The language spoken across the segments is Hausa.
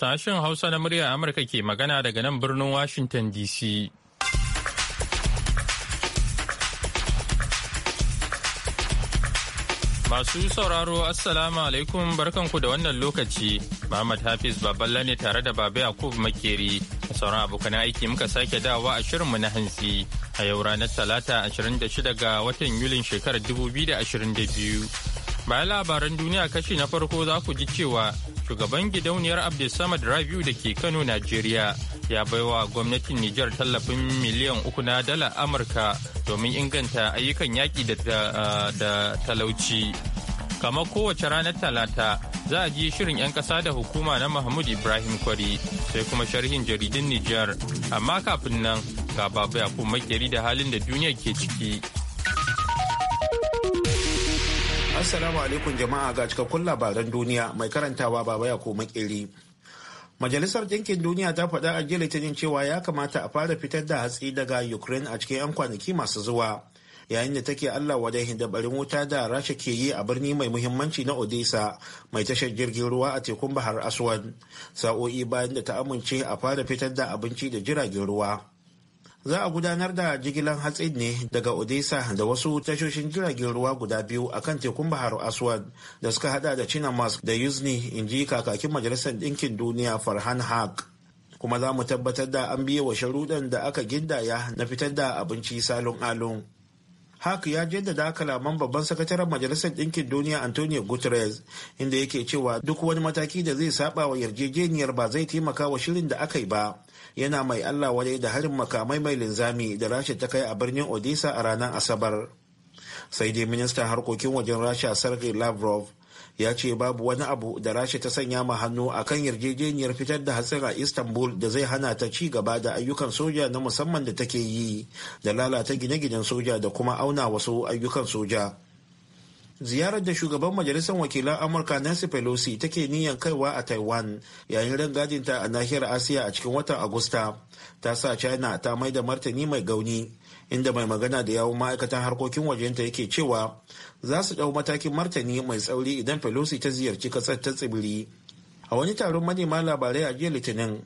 Sashen Hausa na murya Amurka ke magana daga nan birnin Washington DC. Masu sauraro Assalamu alaikum barkanku da wannan lokaci. Muhammad Hafiz Baballa ne tare da Baba Yakub Makeri. Sauran abokan aiki muka sake dawa a shirinmu na hansi a yau ranar Talata 26 ga watan Yulin shekarar 2022. Bayan labaran duniya kashi na farko za ku ji cewa shugaban gidauniyar Abdulsamad Rabiu da ke Kano, Najeriya, ya baiwa gwamnatin Nijar tallafin miliyan uku na dala Amurka domin inganta ayyukan yaƙi da talauci. Kamar kowace ranar Talata, za a ji shirin 'yan ƙasa da hukuma na Mahmud Ibrahim Kwari, sai kuma sharhin jaridun Nijar. Amma kafin nan, ga babu ya makeri da halin da duniya ke ciki. Assalamu alaikum jama'a ga cikakkun labaran duniya mai karantawa baba ya ko makeri. Majalisar Ɗinkin Duniya ta faɗa a jiya Litinin cewa ya kamata a fara fitar da hatsi daga Ukraine a cikin 'yan kwanaki masu zuwa. Yayin da take Allah wadai da barin wuta da Rasha ke yi a birni mai muhimmanci na Odessa mai tashar jirgin ruwa a tekun Bahar Aswan. Sa'o'i bayan da ta amince a fara fitar da abinci da jiragen ruwa. za a gudanar da jigilan hatsin ne daga odessa da wasu tashoshin jiragen ruwa guda biyu a kan tekun bahar aswad da suka hada da china mask da yuzni in ji kakakin majalisar ɗinkin duniya farhan haq kuma za mu tabbatar da an biye wa sharuɗan da aka gindaya na fitar da abinci salon alon Haka ya jaddada kalaman babban sakataren Majalisar Ɗinkin Duniya Antonio Guterres inda yake cewa duk wani mataki da zai saba wa yarjejeniyar ba zai taimaka wa shirin da aka yi ba. Yana mai Allah wadai da harin makamai mai linzami da Rasha ta kai a birnin Odessa a ranar Asabar. Sai dai ministan harkokin wajen Rasha Sergei Lavrov ya ce babu wani abu da rasha ta sanya ma hannu a kan yarjejeniyar fitar da hatsin a istanbul da zai hana ta ci gaba da ayyukan soja na musamman da take yi da lalata gine-ginen soja da kuma auna wasu ayyukan soja ziyarar da shugaban majalisar wakilan amurka nancy pelosi take niyan kaiwa a taiwan yayin ran rangadinta a nahiyar asiya a cikin watan agusta ta sa china ta mai da martani mai gauni inda mai magana da yawun ma'aikatan harkokin wajenta yake cewa za su ɗau matakin martani mai tsauri idan pelosi ta ziyarci ƙasar ta tsibiri a wani taron manema labarai a jiya litinin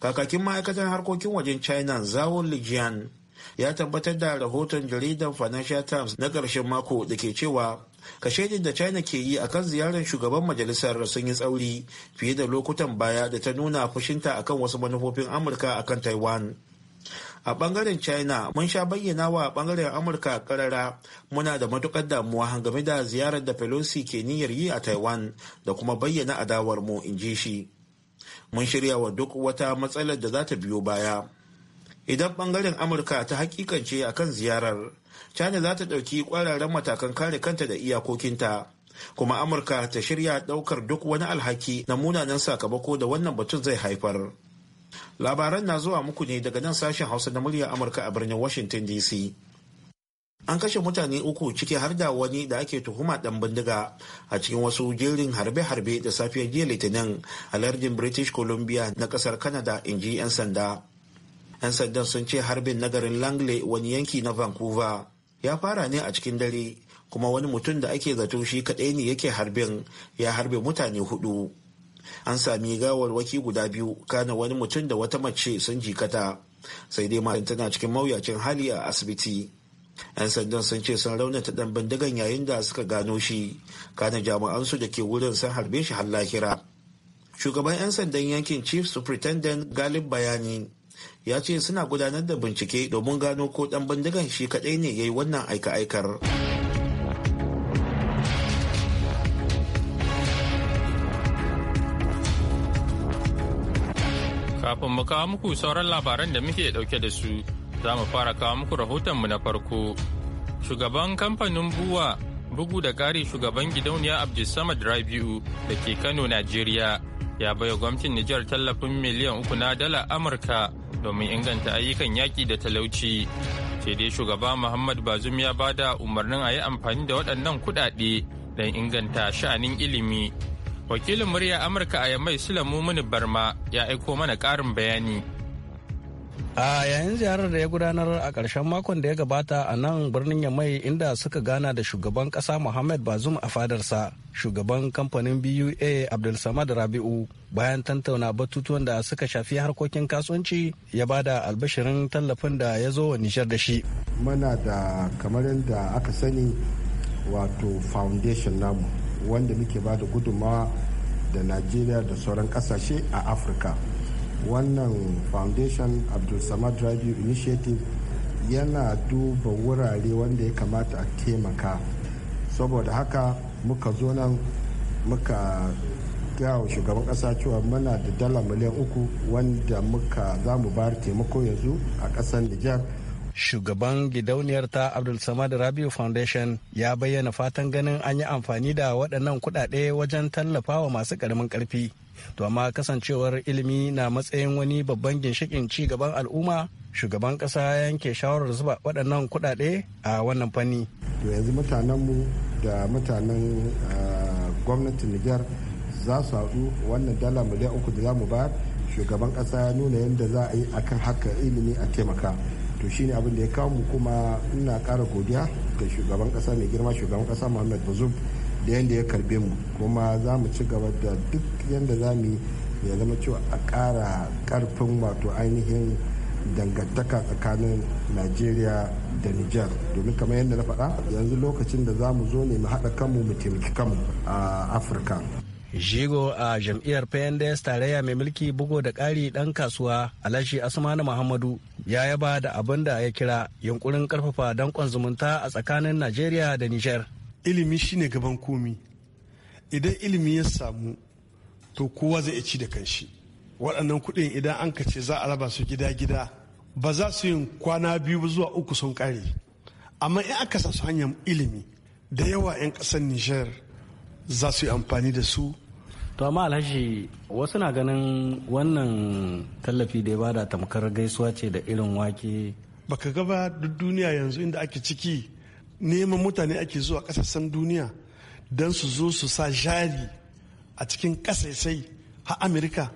kakakin ma'aikatan harkokin wajen china zawo lijian ya tabbatar da rahoton jaridar financial times na ƙarshen mako da ke cewa kashedin da china ke yi akan ziyarar shugaban majalisar sun yi tsauri fiye da lokutan baya da ta nuna fushinta akan wasu manufofin amurka akan taiwan a bangaren china mun sha bayyana wa bangaren amurka karara muna da matukar damuwa game da ziyarar da pelosi ke niyyar yi a taiwan da kuma bayyana adawar mu in ji shi mun shirya wa duk wata matsalar da za ta biyo baya idan bangaren amurka ta hakikance a kan ziyarar china za ta ɗauki kwararren matakan kare kanta da iyakokinta kuma amurka ta shirya ɗaukar duk wani alhaki na munanan sakamako da wannan batun zai haifar Labaran na zuwa muku ne daga nan sashen Hausa na murya Amurka a birnin Washington DC. An kashe mutane uku ciki har da wani da ake tuhuma ɗan bindiga a cikin wasu jerin harbe-harbe da safiyar jiya Litinin a lardin British Columbia na kasar Canada in ji 'yan sanda. 'Yan sandan sun ce harbin na garin Langley wani yanki na Vancouver ya fara ne a cikin dare kuma wani mutum da ake zato shi kaɗai ne yake harbin ya harbe mutane hudu. an sami gawarwaki guda biyu kana wani mutum da wata mace sun jikata sai dai matan tana cikin mawuyacin hali a asibiti 'yan sandan sun ce sun raunata dan bindigan yayin da suka gano shi kana jami'ansu da ke wurin sun harbe shi har lahira shugaban 'yan sandan yankin chief superintendent galib bayani ya ce suna gudanar da bincike domin gano ko dan bindigan shi kadai ne ya yi wannan aika-aikar. Kafin mu kawo muku sauran labaran da muke dauke da su, za mu fara kawo muku rahoton mu na farko. Shugaban kamfanin Buwa, bugu da ƙari shugaban gidauniya Abdulsamad Rabi'u da ke Kano, nigeria ya baiwa gwamnatin Nijar tallafin miliyan uku na dala Amurka domin inganta ayyukan yaƙi da talauci. Sai dai shugaba Muhammad Bazum ya bada umarnin a yi amfani da waɗannan kuɗaɗe don inganta sha'anin ilimi wakilin murya amurka a yammai sulamu mini barma ya aiko mana karin bayani a yayin ziyarar da ya gudanar a ƙarshen makon da ya gabata a nan birnin yamai inda suka gana da shugaban ƙasa muhammad bazum a fadarsa shugaban kamfanin bua abdulsamad rabi'u bayan tantauna batutuwan da suka shafi harkokin kasuwanci ya ba da albashirin tallafin da ya zo wa nishar da shi mana da kamar yadda aka sani wato foundation namu wanda muke ba da gudunmawa da najeriya da sauran kasashe a afirka wannan foundation abdulsamad drive initiative yana duba wurare wanda ya kamata a taimaka saboda haka muka zo nan muka gawa shugaban kasa cewa muna da dala miliyan uku wanda muka za mu bayar taimako yanzu a ƙasar nijar shugaban gidauniyar ta abdul samad rabiu foundation ya bayyana fatan ganin an yi amfani da waɗannan kuɗaɗe wajen tallafawa masu ƙaramin ƙarfi to amma kasancewar ilimi na matsayin wani babban ginshikin ci gaban al'umma shugaban ƙasa yanke shawarar zuba waɗannan kuɗaɗe a wannan fanni to yanzu mutanenmu da mutanen ah, gwamnatin niger za su haɗu wannan dala miliyan uku da za mu bayar shugaban ƙasa ya nuna yadda za a yi akan haka ilimi a taimaka to shine abin da ya kawo mu kuma ina kara godiya ga shugaban kasa mai girma shugaban kasa muhammad bazub da yadda ya karbe mu kuma za mu ci gaba da duk yadda za mu ya zama cewa a kara karfin wato ainihin dangantaka tsakanin najeriya da niger domin kamar yadda na faɗa yanzu lokacin da za mu zo ne mu haɗa kanmu mu taimaki kanmu a afirka Jigo a jam'iyyar PNDS tarayya mai mulki bugo da ƙari ɗan kasuwa Alhaji Asmanu Muhammadu ya yaba da abin da ya kira yunkurin ƙarfafa danƙon zumunta a tsakanin Najeriya da Nijar. Ilimi shine gaban komi. Idan ilimi ya samu to kowa zai ci da kanshi. Waɗannan kuɗin idan an kace za a raba su gida-gida ba za su yin kwana biyu zuwa uku sun ƙare. Amma in aka sa su hanyar ilimi da yawa 'yan ƙasar Nijar za su yi amfani da su to amma alhashi wasu na ganin wannan tallafi da ya bada tamkar gaisuwa ce da irin wake baka ga ba duk duniya yanzu inda ake ciki neman mutane ake zuwa kasashen duniya don su zo su sa jari a cikin kasaisai har amerika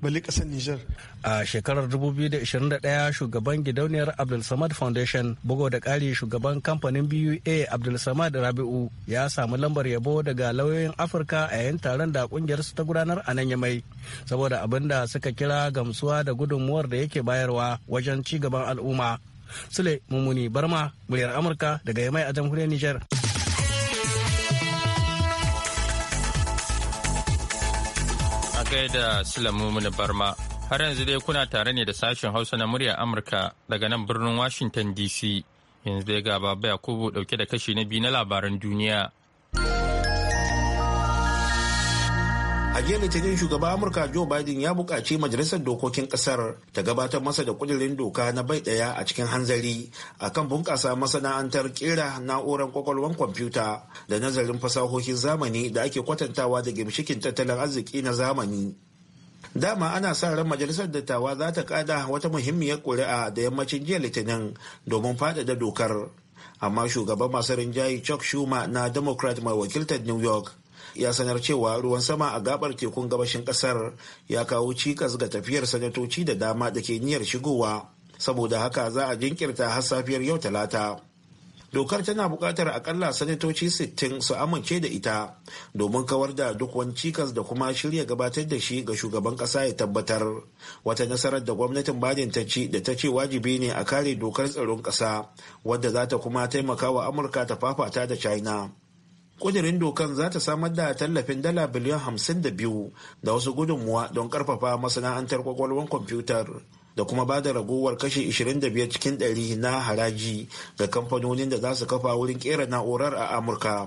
bali kasar Nijar. A shekarar 2021 shugaban gidauniyar Abdul Samad Foundation bugo da ƙari shugaban kamfanin BUA Abdul Samad Rabi'u ya samu lambar yabo daga lauyoyin Afirka a yayin taron da kungiyar su ta gudanar a nan Yamai saboda abin da suka kira gamsuwa da gudunmuwar da yake bayarwa wajen ci gaban al'umma. Sule Mumuni Barma, muryar Amurka daga Yamai a jamhuriyar Nijar. gaida Sulamu Mumuni Barma. Har yanzu dai kuna tare ne da sashen Hausa na murya Amurka daga nan birnin Washington DC. Yanzu dai ga Baba Yakubu dauke da kashi na biyu na labaran duniya. a jiya litinin shugaban amurka joe biden ya buƙaci majalisar dokokin ƙasar ta gabatar masa da kudirin doka na bai ɗaya a cikin hanzari akan bunƙasa masana'antar ƙera na'urar kwakwalwar kwamfuta da nazarin fasahohin zamani da ake kwatantawa da gimshikin tattalin arziki na zamani dama ana sa ran majalisar dattawa za ta kada wata muhimmiyar ƙuri'a da yammacin jiya litinin domin faɗaɗa dokar amma shugaban masu rinjaye chuck schumer na democrat mai wakiltar new york ya sanar cewa ruwan sama a gabar tekun gabashin kasar ya kawo cikas ga tafiyar sanatoci da dama da ke niyyar shigowa saboda haka za a jinkirta har safiyar yau talata dokar tana buƙatar akalla sanatoci 60 su amince da ita domin kawar da duk wani cikas da kuma shirya gabatar da shi ga shugaban ƙasa ya tabbatar wata nasarar da gwamnatin biden ta ci da ta ce wajibi ne a kare dokar tsaron ƙasa wadda za ta kuma taimaka wa amurka ta fafata da china kudirin dokan za ta samar da tallafin dala biliyan hamsin da biyu da wasu gudunmuwa don karfafa masana'antar kwakwalwar kwamfutar da kuma ba da ragowar kashe 25 cikin 100 na haraji ga kamfanonin da za su kafa wurin kera na'urar a amurka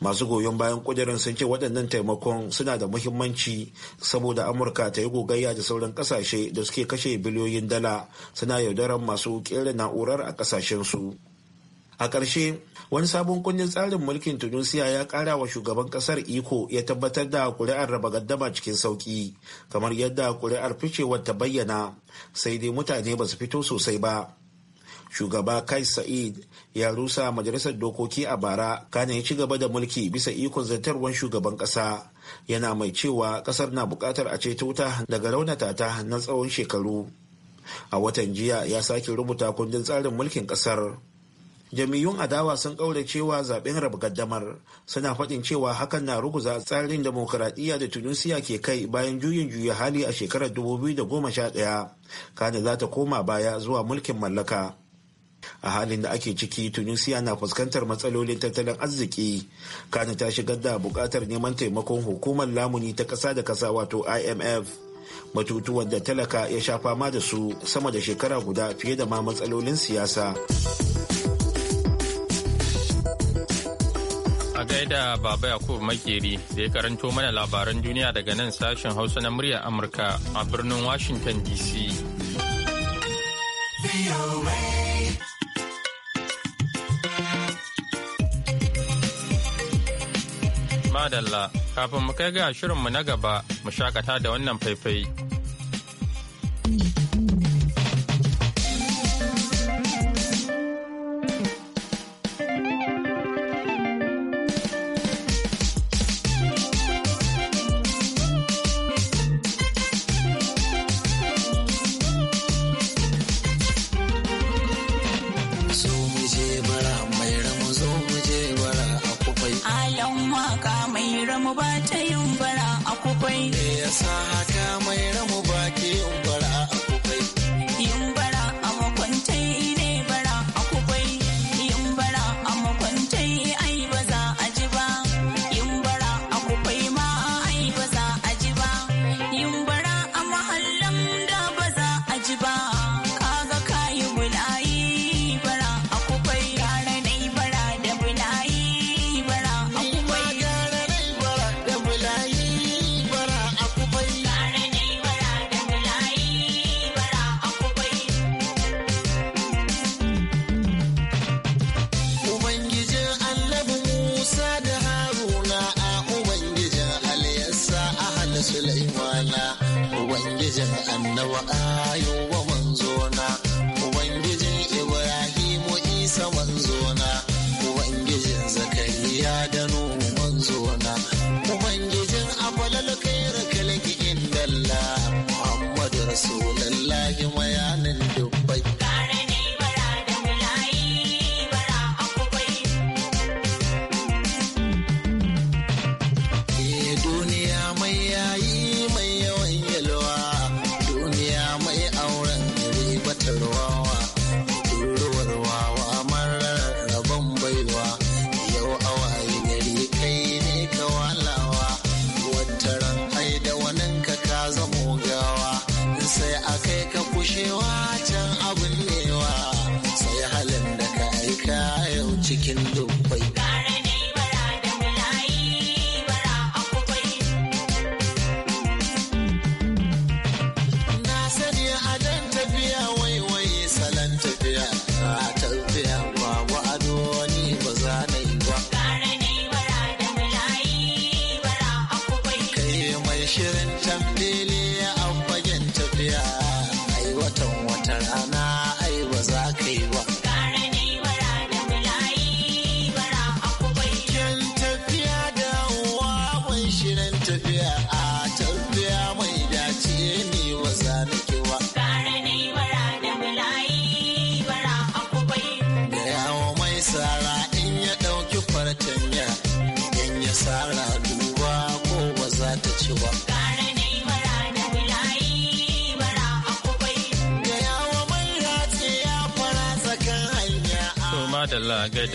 masu goyon bayan kudirin sun ce waɗannan taimakon suna da muhimmanci saboda amurka ta yi gogayya da sauran ƙasashe da suke kashe biliyoyin dala suna yaudarar masu kera na'urar a su. a ƙarshe wani sabon kundin tsarin mulkin tunisia ya ƙara wa shugaban ƙasar iko ya tabbatar da kuri'ar raba gaddama cikin sauƙi kamar yadda kuri'ar ficewar ta bayyana sai dai mutane ba su fito sosai ba shugaba kai sa'id ya rusa majalisar dokoki a bara kana ya ci gaba da mulki bisa ikon zartarwar shugaban ƙasa, yana mai cewa ƙasar na buƙatar a ceto ta daga raunata ta na tsawon shekaru a watan jiya ya sake rubuta kundin tsarin mulkin ƙasar. jami'un adawa sun kaure cewa zaben raba gaddamar suna faɗin cewa hakan na ruguza tsarin demokuraɗiyya da tunisiya ke kai bayan juyin juya hali a shekarar 2011 kana za ta koma baya zuwa mulkin mallaka a halin da ake ciki tunisiya na fuskantar matsalolin tattalin arziki kana ta shigar da buƙatar neman taimakon hukumar lamuni ta kasa da kasa wato imf matutuwan da talaka ya sha fama da su sama da shekara guda fiye da ma matsalolin siyasa. A gaida Baba Yakubu Makeri da ya karanto mana labaran duniya daga nan sashen Hausa na muryar Amurka a birnin Washington DC. Madalla, kafin mu kai ga shirinmu na gaba, mu shakata da wannan faifai. جمع النوآب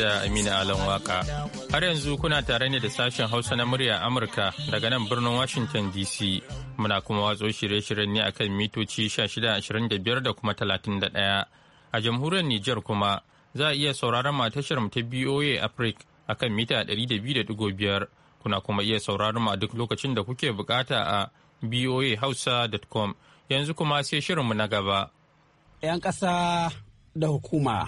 da Amina Alan Waka. Har yanzu kuna tare ne da sashen Hausa na murya Amurka daga nan birnin Washington DC. Muna kuma watso shirye-shiryen ne akan mitoci 1625 da kuma 31. A jamhuriyar Nijar kuma za a iya sauraron matashar ta BOA Africa akan mita 200.5. Kuna kuma iya sauraron a duk lokacin da kuke bukata a boahausa.com. Yanzu kuma sai shirinmu na gaba. 'Yan ƙasa da hukuma.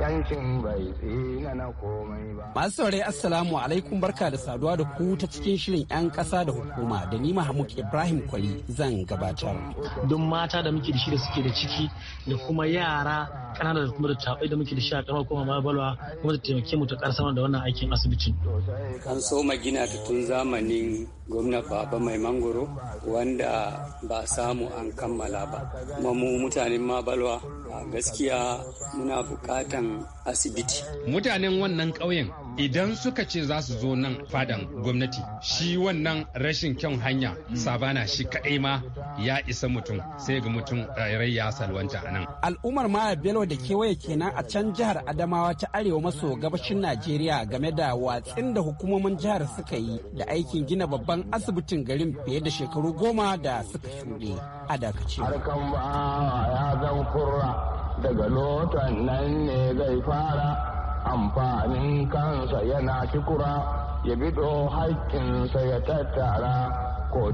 yankin bai tsina na komai ba. Masu saurari Assalamu alaikum barka da saduwa da ku ta cikin shirin 'yan ƙasa da hukuma da ni Mahmud Ibrahim Kwali zan gabatar. Don mata da muke da shi da suke da ciki da kuma yara ƙanana da kuma da taɓai da muke da shi a ƙaramar kuma mabalwa kuma da taimake mu ta ƙarsama da wannan aikin asibitin. An soma gina ta tun zamanin gwamna Baba Mai Mangoro wanda ba samu an kammala ba. Kuma mu mutanen mabalwa gaskiya muna bukatan asibiti mutanen wannan ƙauyen idan suka ce za su zo nan fadan gwamnati shi wannan rashin kyan hanya sabana shi kaɗai ma ya isa mutum sai ga mutum rairai eh, ya salwanta a nan. Al'ummar Maya Bello da kewaye kenan a can jihar Adamawa ta arewa maso gabashin Najeriya game da watsin da hukumomin jihar suka yi da aikin gina babban asibitin garin fiye da shekaru goma da suka shuɗe a dakace. daga lotan nan ne zai fara amfanin kansa yana kikura ya bido haƙƙinsa ya tattara ko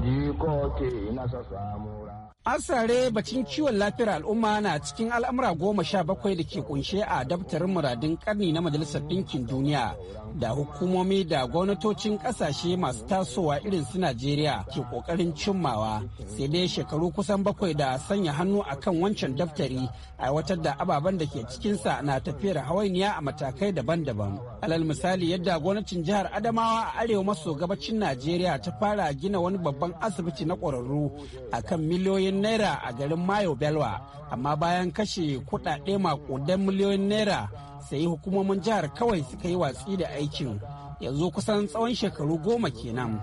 ke nasa samu Asare bacin ciwon lafiyar al'umma na cikin al'amura goma sha bakwai da ke kunshe a daftarin muradin karni na Majalisar Ɗinkin Duniya da hukumomi da gwamnatocin ƙasashe masu tasowa irin su Najeriya ke kokarin cimmawa sai dai shekaru kusan bakwai da sanya hannu a kan wancan daftari aiwatar da ababen da ke cikinsa na tafiyar hawainiya a matakai daban-daban. Alal misali yadda gwamnatin jihar Adamawa a arewa maso gabacin Najeriya ta fara gina wani babban asibiti na ƙwararru akan miliyoyin miliyoyin naira a garin mayo belwa amma bayan kashe kudade makudan miliyoyin naira sai hukumomin jihar kawai suka yi watsi da aikin yanzu kusan tsawon shekaru goma kenan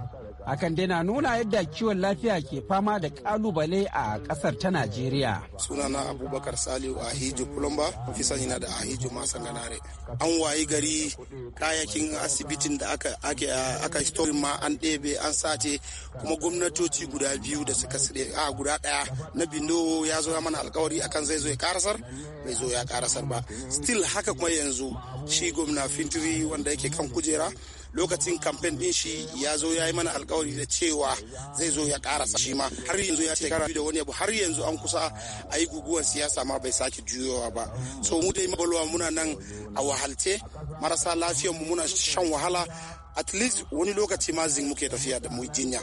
hakan dai na nuna yadda kiwon lafiya ke fama da kalubale a kasar ta najeriya sunana abubakar saliu ahiju plumba fisa yana da ahiju masangalare an wayi gari kayakin asibitin da aka ake aka ma an ɗebe an sace kuma gwamnatoci guda biyu da suka sire a guda ɗaya na bindo ya zo mana alkawari akan zai zo ya karasar bai zo ya karasar ba still haka kuma yanzu shi gwamna fintiri wanda yake kan kujera lokacin kamfen din shi ya zo ya yi mana alkawari da cewa zai zo ya karasa shi ma har yanzu ya shekara biyu da wani abu har yanzu an kusa a yi guguwar siyasa ma bai sake juyowa ba so mu dai mabalwa muna nan a wahalce marasa lafiyar mu muna shan wahala at least wani lokaci ma zin muke tafiya da mu jinya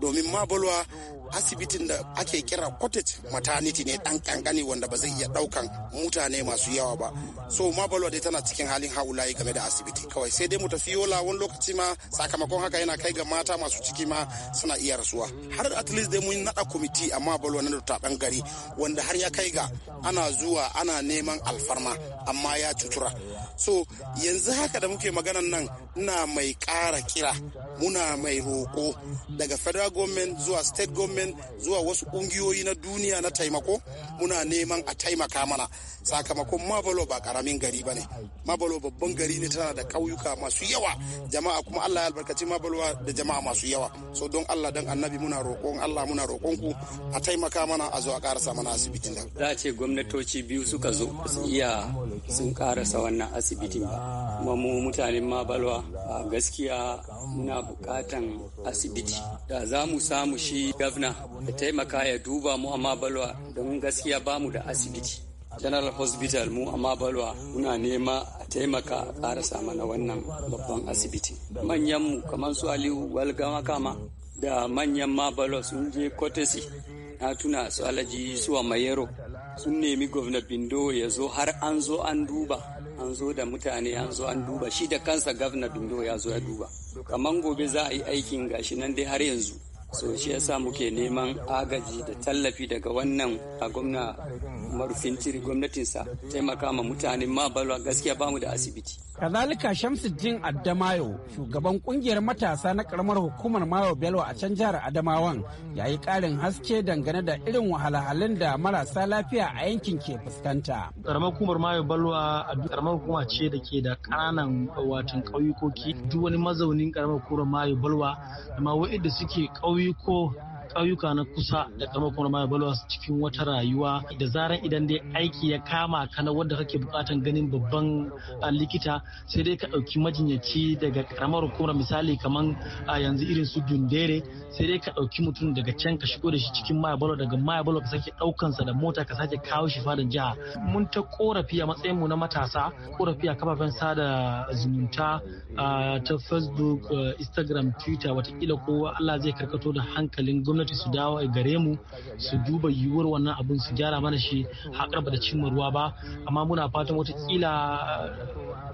domin ma bolwa asibitin da ake kira cottage maternity ne dan kankani wanda ba zai iya daukan mutane masu yawa ba so ma bolwa dai tana cikin halin haulayi game da asibiti kawai sai dai mu tafi yola wani lokaci ma sakamakon haka yana kai ga mata masu ciki ma suna iya rasuwa har at least dai mun nada kwamiti amma bolwa na da dan gari wanda har ya kai ga ana zuwa ana neman alfarma amma ya cutura so yanzu haka da muke maganan nan ina mai kara kira muna mai roƙo daga federal government zuwa state government zuwa wasu ƙungiyoyi na duniya na taimako muna neman a taimaka mana sakamakon mabalo ba karamin gari ba ne mabalo babban gari ne tana da kauyuka masu yawa jama'a kuma allah ya albarkaci mabalo da jama'a masu yawa so don allah don annabi muna roƙon allah muna roƙon ku a taimaka mana a zo a karasa mana asibitin nan za a ce gwamnatoci biyu suka zo su iya sun karasa wannan asibitin ba kuma mu mutanen mabalo a gaskiya gaskiya muna bukatan asibiti da za mu samu shi gavna da taimaka ya duba mu amma balwa don gaskiya ba mu da asibiti general hospital mu amma balwa muna nema a taimaka a karasa mana wannan babban asibiti manyanmu kamar su aliyu walgama kama da manyan mabalo sun je kotesi na tuna su alaji suwa mayero sun nemi gwamna bindo ya zo har an zo an duba an zo da mutane an zo an duba shi da kansa gavna dundo ya zo ya duba kamar gobe za a yi aikin gashi nan dai har yanzu so shi yasa muke neman agaji da tallafi daga wannan a gwamna Umaru Fintiri gwamnatinsa taimaka ma mutanen ma balwa gaskiya bamu da asibiti. Kazalika Shamsuddin Adamayo shugaban kungiyar matasa na karamar hukumar Mayo belwa a can jihar Adamawan ya yi karin haske dangane da irin wahalhalun da marasa lafiya a yankin ke fuskanta. Karamar hukumar Mayo belwa a karamar hukuma ce da ke da ƙananan watan ƙauyukoki duk wani mazaunin karamar hukumar Mayo belwa da ma da suke ƙauyuko ƙauyuka na kusa da karamar hukumar maya balwa cikin wata rayuwa da zaran idan dai aiki ya kama ka na wanda kake bukatan ganin babban likita sai dai ka ɗauki majinyaci daga karamar hukumar misali kamar yanzu irin su dundere sai dai ka ɗauki mutum daga can ka shigo da shi cikin maya balwa daga maya balwa ka sake ɗaukansa da mota ka sake kawo shi fadan jiha mun ta korafi a matsayin mu na matasa korafi a kafafen sada zumunta ta facebook instagram twitter watakila kowa allah zai karkato da hankalin gwamnati gwamnati su dawo gare mu su duba yiwuwar wannan abin su gyara mana shi haƙar ba da cimma ruwa ba amma muna fatan watakila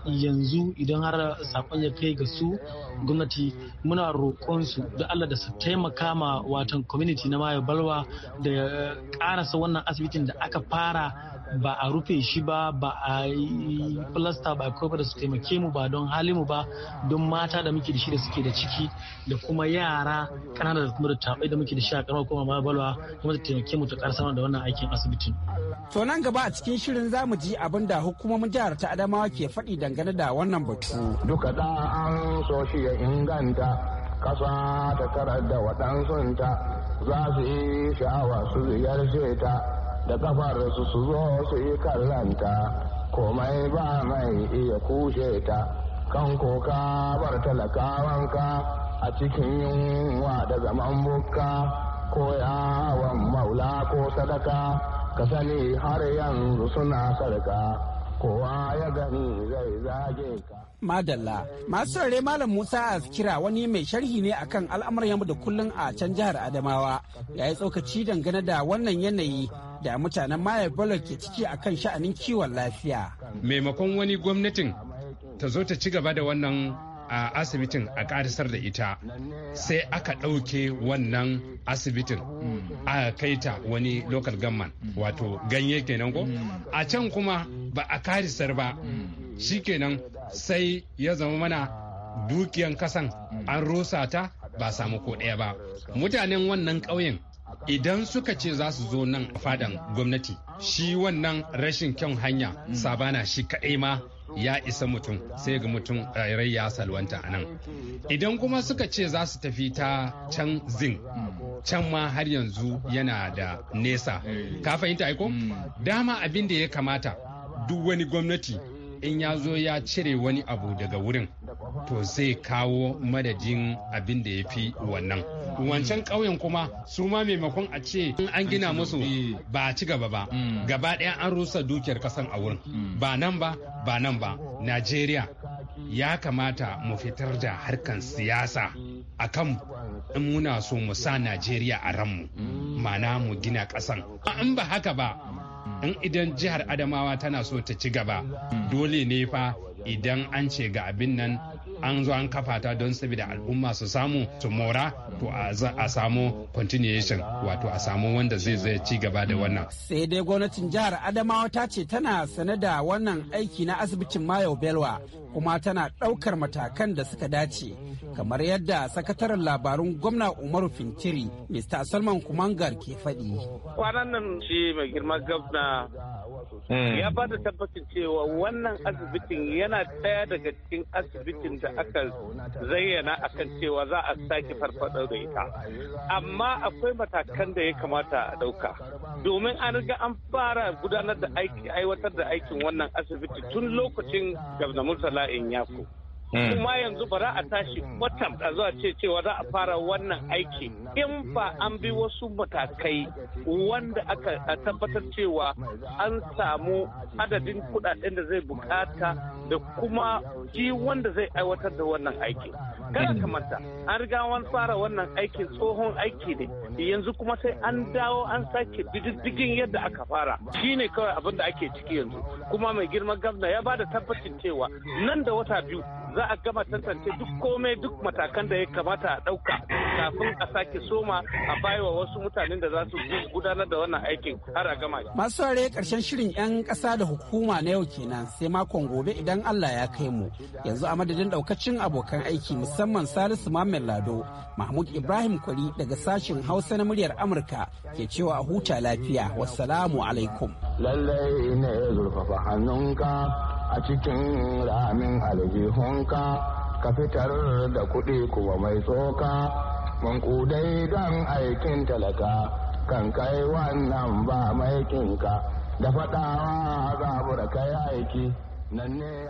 eh, yanzu idan har sakon ya kai ga su gwamnati muna roƙon su da Allah da su taimaka ma watan community na mayo balwa da eh, ƙarasa wannan asibitin da aka fara ba a rufe shi ba ba a yi plasta ba ko da su taimake mu ba don mu ba don mata da muke da shi da suke da ciki da kuma yara kanana da kuma da tabai da muke da shi a karamar kuma ma balwa kuma da taimake mu ta karsa da wannan aikin asibitin. to nan gaba a cikin shirin zamu ji abin da hukumomin jihar ta adamawa ke faɗi dangane da wannan batu. duka da an so shi ya inganta kasa ta karar da waɗansunta za su yi sha'awa su ziyarce ta da kafarsu su zo su yi kallanta komai ba mai iya kushe ta kan koka bar talakawanka a cikin yunwa da zaman bukka ko yawon maula ko sadaka ka sani har yanzu suna sarka kowa ya gani zai zage ka Madalla, masu rare Malam Musa Azkira wani mai sharhi ne akan al'amuran yamma da kullun a can jihar Adamawa ya yi tsokaci dangane da wannan yanayi da mutanen maye bolo ke ciki akan sha'anin kiwon lafiya. Maimakon wani gwamnatin ta zo ta ci gaba da wannan a asibitin a karisar da ita sai aka ɗauke wannan asibitin mm, a kai ta wani local gamman wato ganye kenan ko a can kuma ba a karisar ba shi kenan sai ya zama mana dukiyan kasan an rusa ta ba samu ko ɗaya ba mutanen wannan ƙauyen idan suka ce za su zo nan a fadan gwamnati shi wannan rashin kyan hanya sabana shi kaɗai ma ya isa mutum sai ga mutum rairai ya salwanta a nan idan kuma suka ce za su tafi ta can zin can ma har yanzu yana da nesa ka fahimta aiko mm. dama abin da ya kamata duk wani gwamnati in ya zo ya cire wani abu daga wurin to zai kawo madadin abin da ya fi wannan wancan ƙauyen kuma su ma maimakon a ce an gina musu ba a ci gaba ba gaba ɗaya an rusa dukiyar ƙasan a wurin ba nan ba ba nan ba najeriya ya kamata mu fitar da harkan siyasa a kan in muna so mu sa najeriya a ranmu mana mu gina ƙasan in ba haka ba in idan jihar adamawa tana so ta ci gaba dole ne fa idan an ce ga abin nan an zo an kafa ta don saboda al'umma su samu su mora to a samu continuation wato a samu wanda zai zai ci gaba da wannan sai dai gwamnatin jihar adamawa ta ce tana sane da wannan aiki na asibitin mayo belwa kuma tana ɗaukar matakan da suka dace kamar yadda sakataren labarun gwamna umaru fintiri mr salman kumangar ke faɗi kwanan nan shi mai girma gwamna hmm. ya ba da tabbacin cewa wannan asibitin yana ɗaya daga cikin asibitin da aka zayyana a kan cewa za a sake farfaɗo da ita amma akwai matakan da ya kamata a ɗauka domin an riga an fara gudanar da aiki aiwatar da aikin wannan asibiti tun lokacin gabna musa in yako hmm. kuma yanzu ba za a tashi kwatam a zuwa ce cewa za a fara wannan aiki in ba an bi wasu matakai wanda aka tabbatar cewa an samu adadin kudaden da zai bukata da kuma shi wanda zai aiwatar da wannan aikin kada ka manta an riga an fara wannan aikin tsohon aiki ne yanzu kuma sai an dawo an sake bididdigin yadda aka fara shine kawai abin da ake ciki yanzu kuma mai girman gamna ya bada tabbacin cewa nan da wata biyu za a gama tantance duk komai duk matakan da ya kamata a ɗauka kafin a sake soma a baiwa wasu mutanen da za su gudanar da wannan aikin har a gama. Masu saurare karshen shirin 'yan ƙasa da hukuma na yau kenan sai makon gobe idan Allah ya kai mu. Yanzu a madadin ɗaukacin abokan aiki musamman Salisu Mamman Lado, Mahmud Ibrahim Kwari daga sashen Hausa na muryar Amurka ke cewa a huta lafiya. Wassalamu alaikum. Lallai ne zurfafa hannunka a cikin ramin aljihunka ka fitar da kuɗi kuma mai tsoka mankudai don aikin talaka kan kai wannan ba maikinka da faɗawa zabura da kai aiki nan ne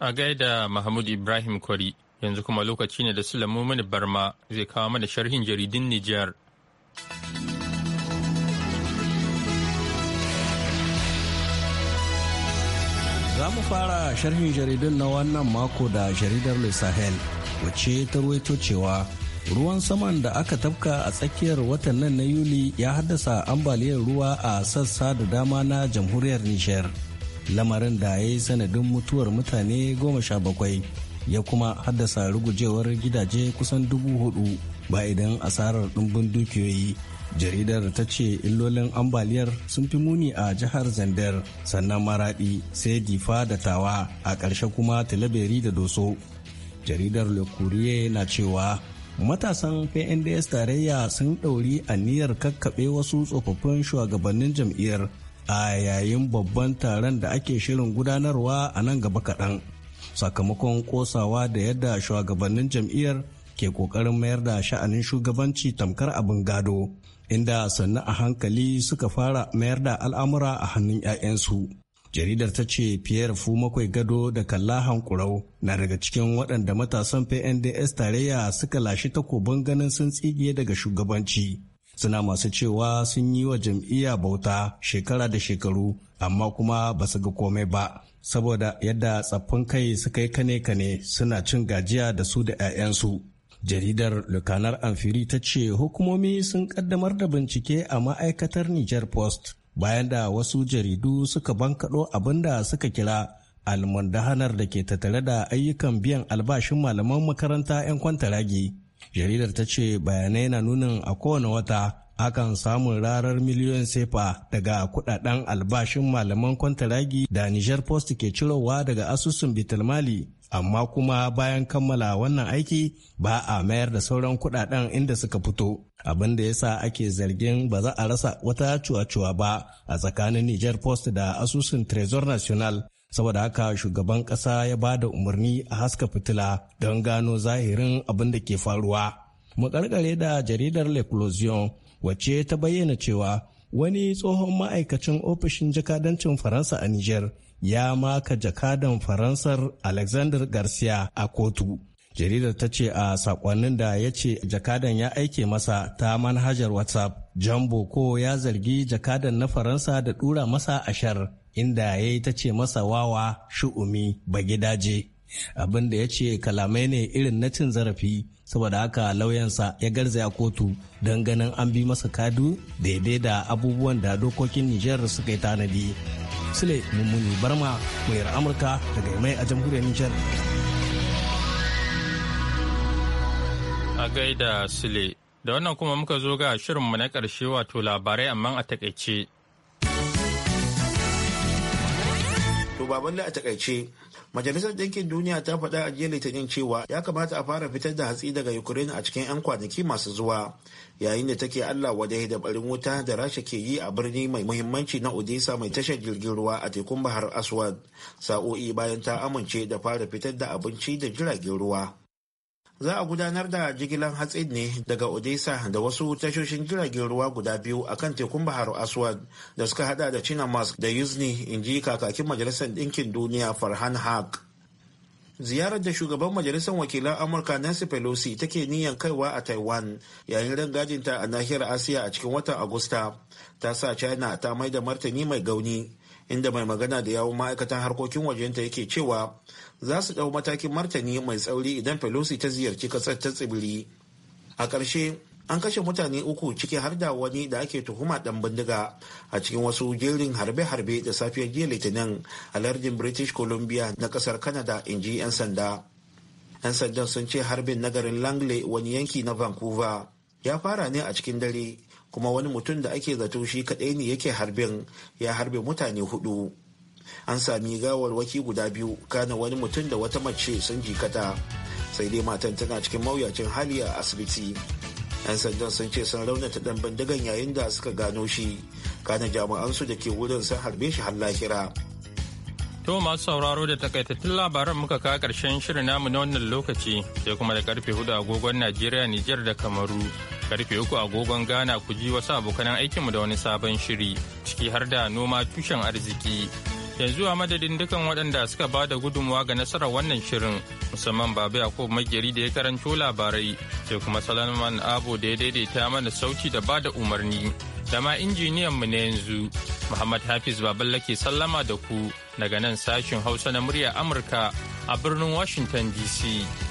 a gaida mahmud ibrahim kwari yanzu kuma lokaci ne da sulamu mini barma zai kawo mana sharhin jaridin nijar Za mu fara sharhin jaridun na wannan mako da jaridar Le Sahel wacce ta ruwaito cewa ruwan saman da aka tafka a tsakiyar watan nan na Yuli ya haddasa ambaliyar ruwa a sassa da dama na jamhuriyar Nishar. Lamarin da ya yi sanadin mutuwar mutane goma sha bakwai ya kuma haddasa rugujewar gidaje kusan dubu hudu ba idan asarar ɗumbin dukiyoyi jaridar ta ce illolin ambaliyar sun fi muni a jihar Zander. sannan maradi sai difa da tawa a ƙarshe kuma tilaberi da doso jaridar le na cewa matasan pnds tarayya sun ɗauri aniyar kakkaɓe wasu tsofaffin shugabannin jam'iyyar a yayin babban taron da ake shirin gudanarwa a nan gaba kaɗan sakamakon kosawa da yadda shugabannin jam'iyyar ke ƙoƙarin mayar da sha'anin shugabanci tamkar abin gado, inda sannu a hankali suka fara mayar da al'amura a hannun 'ya'yansu. jaridar ta ce pierre fu makwai gado da kalla hankurau na daga cikin waɗanda matasan pnds tarayya suka lashe takobin ganin sun tsige daga shugabanci suna masu cewa sun yi wa jam'iyya bauta shekara da shekaru amma kuma ba su ga komai ba saboda yadda tsaffin kai suka yi kane-kane suna cin gajiya da su da 'ya'yansu Jaridar Lukanar Amfiri ta ce hukumomi sun kaddamar da bincike a ma'aikatar Niger Post bayan da wasu jaridu suka bankaɗo abin da suka kira almundahanar da ke tattare da ayyukan biyan albashin malaman makaranta 'yan kwantaragi. Jaridar ta ce bayanai na nunin a kowane wata akan samun rarar miliyoyin sefa daga kudaden albashin malaman kwantaragi da Niger Post ke cirowa daga asusun Bitalmali. amma kuma bayan kammala wannan aiki ba a mayar da sauran kudaden inda suka fito abin da sa ake zargin ba za a rasa wata cuwa-cuwa ba a tsakanin niger post da asusun trezor national saboda haka shugaban kasa ya ba da umarni a haska fitila don gano zahirin abin da ke faruwa mu karkare da jaridar l'eclosion wacce ta bayyana cewa wani tsohon ma'aikacin ofishin jakadancin faransa a niger ya maka jakadan faransar alexander garcia a kotu jaridar ta ce a sakonnin da ya ce jakadan ya aike masa ta manhajar whatsapp Jambo boko ya zargi jakadan na faransa da dura masa ashar inda ya yi ta ce masa wawa shu'umi bagidaje abin da ya ce kalamai ne irin na cin zarafi saboda haka lauyansa ya garzaya kotu don ganin an bi masa kadu daidai da abubuwan da dokokin nijar suka yi tanadi sule mummuni barma mai amurka daga mai a jamhuriyar nijar a gaida sule da wannan kuma muka zo ga shirinmu na karshe wato labarai amma a takaice to baban da a takaice Majalisar Dinkin Duniya ta faɗa a jiya Litinin cewa ya kamata a fara fitar da hatsi daga Ukraine a cikin 'yan kwanaki masu zuwa yayin da take Allah wadai da barin wuta da Rasha ke yi a birni mai muhimmanci na Odessa mai tashar jirgin ruwa a tekun Bahar Aswad sa'o'i bayan ta amince da fara fitar da abinci da jiragen ruwa. za a gudanar da jigilan hatsi ne daga odessa da wasu tashoshin jiragen ruwa guda biyu a kan tekun bahar aswad da suka hada da china chinamask da yuzni inji kakakin majalisar ɗinkin duniya farhan haq ziyarar da shugaban majalisar wakilan amurka nancy pelosi take niyan kaiwa a taiwan yayin rangajinta a nahiyar asiya a cikin watan agusta ta sa china ta mai da martani mai gauni inda mai magana da yawun ma'aikatan harkokin wajenta yake cewa za su ɗau matakin martani mai tsauri idan pelosi ta ziyarci ƙasar ta tsibiri a ƙarshe an kashe mutane uku ciki har da wani da ake tuhuma ɗan bindiga a cikin wasu jerin harbe-harbe da safiyar jiya litinin a lardin british columbia na ƙasar canada in ji 'yan sanda 'yan sandan sun ce harbin na garin langley wani yanki na vancouver ya fara ne a cikin dare kuma wani mutum da ake zato shi kaɗai ne yake harbin ya harbe mutane hudu an sami gawarwaki guda biyu kana wani mutum da wata mace sun jikata sai dai matan tana cikin mawuyacin hali a asibiti 'yan sandan sun ce sun raunata dan bindigan yayin da suka gano shi kana su da ke wurin sun harbe shi har lahira to masu sauraro da takaitattun labaran muka ka karshen shirin namu na wannan lokaci sai kuma da karfe hudu agogon najeriya nijar da kamaru Karfe uku agogon Ghana ku ji wasu abokanan aikinmu da wani sabon shiri ciki har da noma tushen arziki. Yanzu a madadin dukan waɗanda suka ba da gudunmawa ga nasarar wannan shirin musamman babu Yakub magari da ya karanto labarai sai kuma Salman Abo da ya daidaita mana sauti da ba da umarni. Da ma mu na yanzu Muhammad Hafiz Baballa ke sallama da ku daga nan sashin Hausa na murya Amurka a birnin Washington DC.